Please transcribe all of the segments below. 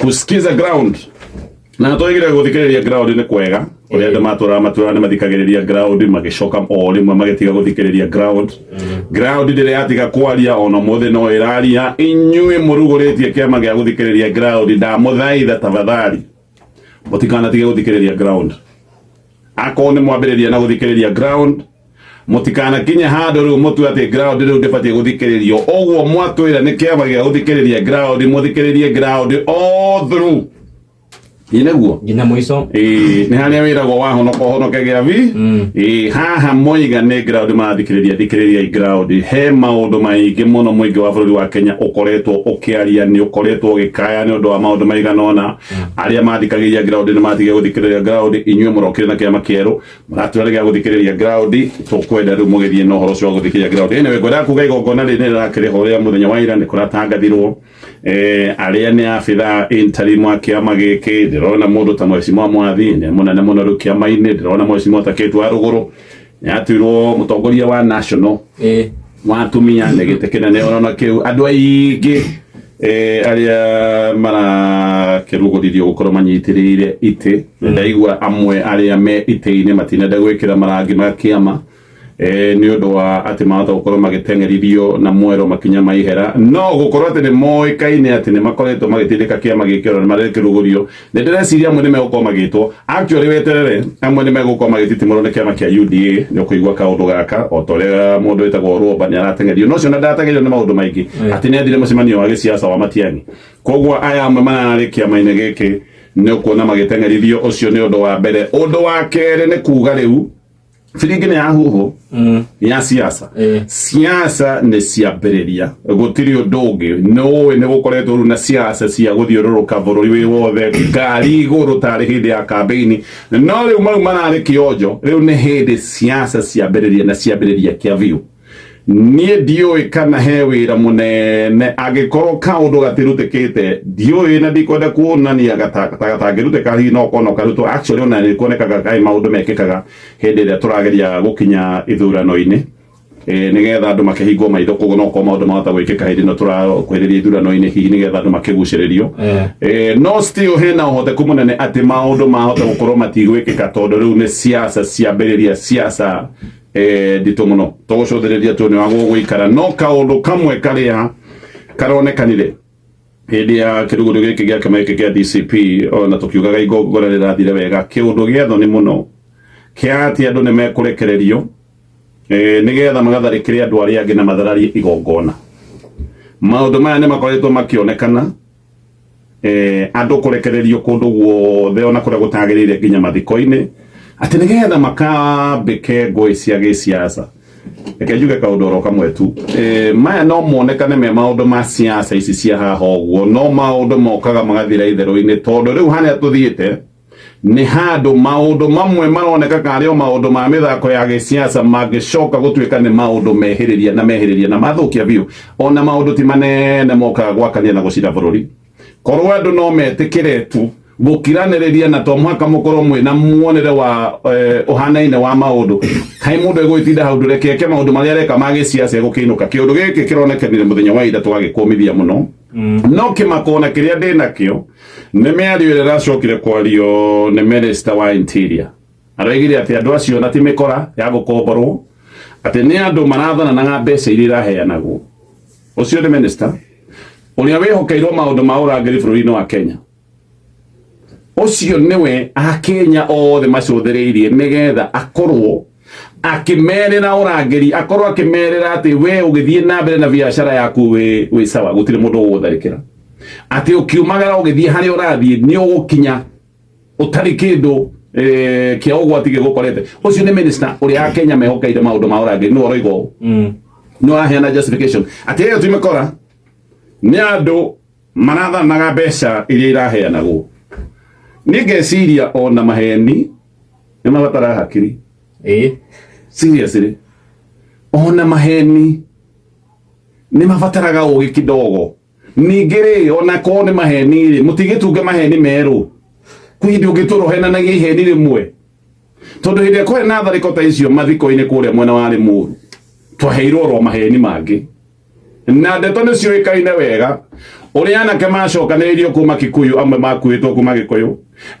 kusikiza ground na toigire guthikiriria ground ni kwega uria andu matura matura ni mathikagiriria ground magicoka o rimwe magitiga guthikiriria ground ground ndire yatiga kwaria ona muthe no iraria inyui muruguritie kiama gia guthikiriria ground ndamuthaitha tafadhali mutikanatige guthikiriria ground akone ni mwambiriria na guthikiriria ground mutikanakinye handu riu mutue ati ground riu ndibatie guthikiririo uguo mwatwira ni kiama gia guthikiriria ground muthikiririe ground all through inaguo gina muico ii ni haria wiragwo wahonoka ũhonokagia vi mm. ii haha moiga nĩ ground marathikĩrĩria thikĩrĩria ground he maũndũ maingĩ mũno mũingĩ wa bå wa Kenya ũkoretwo ũkĩaria nĩ ũkoretwo ũgĩkaya nĩ ũndũ wa maũndũ maigana ũna mm. arĩa mathikagĩrĩria ground nĩ matigia gũthikĩrĩria ground inyuĩ mũrokire na kĩama kĩerũ mũratwĩra gĩa gũthikĩrĩria ground tũkwenda rĩu mũgĩthiĩ na ũhoro ũcio wa gũthikĩrĩria ground ĩnĩ wengwendaga kuga igongona rĩrĩ nĩ rĩrakĩrĩho rĩa mũthenya wa ira nĩ kũratangathirwo eh aria ni abitha interim wa kiama giki ndirona mundu ta mheshimiwa mwathi ni munene ni ru rukia maini ndirona mheshimiwa ta kitu aruguru nyatwirwo mutongoria wa national eh watumia ni gite kinene ona kiu andu aingi eh aria mara kiruguririo gukorwo manyitirire ite ndaigua amwe aria me ite-ini matinenda gwikira marangi ma kiama eh ni undu wa ati mahota gukorwo magitengerithio na mwero makinya maihera no gukorwo ati ni moikaine ati ni makoretwo magitindika kia magikiro na marekirugurio ni ndireciria amwe ni megukorwo magitwo actually weterere amwe ni megukorwo magititimurwo ni kiama kia UDA ni kuigua kaundu gaka o ta uria mundu witagwo Rwamba ni aratengerio no cio na ndatengerio ni maundu maingi ati ni athire mucemanio wa gisiasa wa matiani koguo aya amwe mararĩ kĩama-inĩ gĩkĩ nĩ ũkuona magĩteng'erithio ũcio nĩ ũndũ wa mbere ũndũ wa kerĩ nĩ kuuga rĩu filingine ya huho mm. ya siasa eh. siasa ni ciambiriria gutiri undu ungi nowe ni gukoretwo ru na siasa cia guthiururuka bururi wi wothe ngari iguru tari hindi ya kambeini no riu marumana ari kionjo riu ni hindi siasa ciambiriria na ciambiriria kia viu niä ndiå kana he wä ra må nene angä korwo kaå gatä rutä kä te ndiå na ndikwenda kuonania gatangä rutä ka hihi nokona karutwo ona nä kuonekaga kaä maå ndå mekä kaga hä ndä ä rä a tå rageria gå kinya ithurano-inä nä getha andå makähingwo maitho koguo nokorwo maå ndå mahota gwä kä ka hä ndä no tå rakuhä ithurano-inä hihi nä getha andå makä gucä rä rio eh. no still hena å hoteku må nene atä maå ndå mahota gå korwo matigwä kä ka tondå rä u nditå må no tå cå thä rä ria tå nä wagå gå ikara no kaå kamwe karä karonekanire hä ndä ya kä rå rä gä kä gä akema gä kä gä dcp ona tå kiugaga igongora rä rathire wega kä å ndå gä ethoni må no kä atä andå nä mekå rekererio nä getha magatharä kä re andå arä angä na matharari igongona maå ndå maya nä makoretwo makĩonekana andå kå rekererio kå ndå guothe ona kå rä a gå tagä rä ire nginya mathiko-inä atä nä getha makambä ngåä cia gä ciaca reke njuge kaå ndå kamwe tu e, maya no monekane me maå ndå ma ciaca ici cia haha å no maå ndå mokaga magathira itherå-inä tondå rä u harä a tå thiä nä handå maå ndå mamwe maroneka karä o maå ndå ma mä thako ya gä ciaca mangäcoka gå tuä ka nä maå ndå mehä na mehä na mathå kia ona maå ndå ti manene mokaga gwakania na gå cira bå rå ri korwo andå no metä kä tu gukiranereria na to mwaka mukorwo mwe na muonere wa uhanaine e, wa maundu kai mundu egwitinda hau ndureke eke maundu maria areka ma giciaca egukiinuka kiundu giki kironekanire muthenya wa ira twagikumithia muno mm. no kimakona kiria ndi nakio ni miario iria iracokire kwario ni minister wa interior araigire ati andu acio na ti mikora ya gukomborwo ati ni andu marathana na mbeca iria iraheanagwo ucio ni minister uria wihokeirwo maundu ma urangiri bũrũri-inĩ wa Kenya ucio niwe akenya othe macuthiriirie nigetha akorwo akimerera urangeri akorwo akimerera ati we ugithie na mbere na biashara yaku we we sawa gutire mundu ugutharikira ati ukiumagara ugithie hari urathie ni ugukinya utari kindu eh kia ugwati gigukorete ucio ni minister uri akenya mehokeire maundu ma urangeri ni oroigo mm no aheana justification ati yo tuimekora ni andu marathanaga mbeca iria iraheanagwo ni ngeciria ona maheni ni mabatara hakiri siria siri ona maheni ni mabataraga ugi kidogo ningiri ona ko ni maheni ri mutigitunge maheni meru kwi ndi ungiturohenanagia iheni rimwe tondu hindi kwari na thariko ta icio mathiko rä a mwena wa rimuru twaheirwo ro maheni mangä na ndeto nä ciåikaine wega å rä a anake macokanä irio kuma kikuyu amwe makuätwo kuma gä kå yå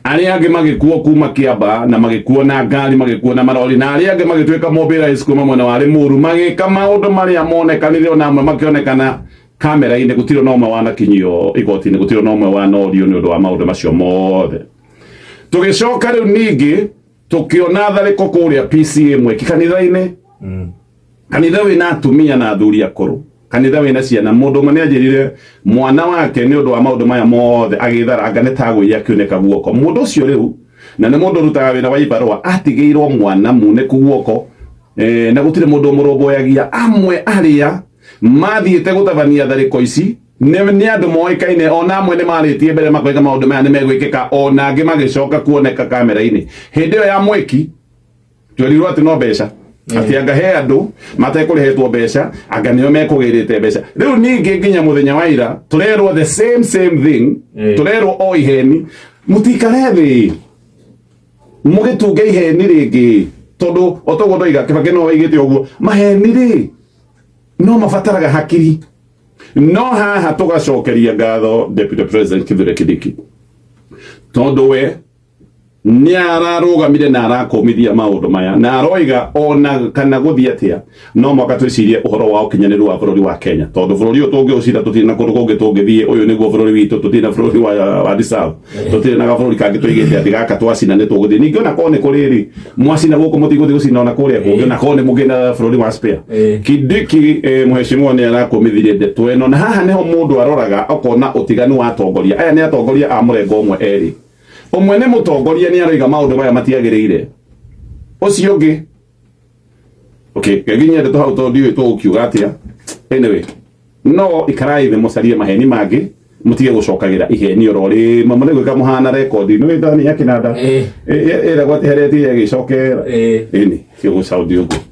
arä angä magä kuo kuma kä amba na magä kuo na ngari magä na marori na arä angä magä tuä kuma mobärakuma mwena warä må ru magä ka maå ndå marä a monekanire ona amwe makionekana kamera-inä gå tirå na å kinyo wanakinyio igoti-inä gå tirå na å mwe wanorio nä å ndå wa maå ndå macio mothe tå gä coka rä u ningä tå kä ona tharä ko kanitha-inä mm. kanitha wä na atumia na athuri akå rå kanitha wina ciana mundu mwe niajirire mwana wake ni undu wa maundu maya mothe agitharanga ni tagwia kioneka guoko mundu ucio riu na ni mundu rutaga wina wa ibarua atigiirwo mwana mune kuguoko eh, na gutire mundu murumboyagia amwe aria mathiite gutabania thariko ici nä andå moäkaine ona amwe nä marĩtie mbere makoiga maå ndå maya nä megwĩkä ka ona angä magicoka kuoneka kamera-inä hä ndä yo ya mweki twerirwo atä no mbeca Mm. ati anga he andu hetwo mbeca anga nio mekugirite mbeca riu ni nginya muthenya wa ira turerwo the same same thing turerwo o iheni mutikare thi mugitunge iheni ringi tondu otoguo ndoiga kibaki no oigite uguo maheni ri no mabataraga hakiri no haha tugacokeria ngatho deputy president kithure kidiki tondu we ni ararugamire na arakomithia maundu maya na aroiga ona kana guthia atia no mwaka twicirie uhoro wa ukinyaniru wa bururi wa Kenya tondu bururi uyu ucira tutina na kundu kungi tungithie uyu niguo bururi witu na bururi wa wa disabu tutina na bururi kangi tuigite ati gaka twacina ni tuguthie ningi ona kone kuri kuriri mwacina guku mutiguthi gucina ona kuri kungi ona kone mugina bururi wa spare eh. kidiki eh, mheshimiwa ni arakomithirie ndetweno na haha niho mundu aroraga okona utiganu wa atongoria aya ni atongoria a murengo umwe eri umwe nä må tongoria nä aroiga maå ndå maya matiagä rä ire å cio ngä nginya ndeto hau tondå ndiå tå gå kiuga atä a anyway no ikarai the må carie maheni mangä må tige gå cokagä ra iheni oro rä mamå nä gwä ka må hana nä wä thani ya kä nanda ä ragwo atä heretie agä cokera ä nä kä caå å ngå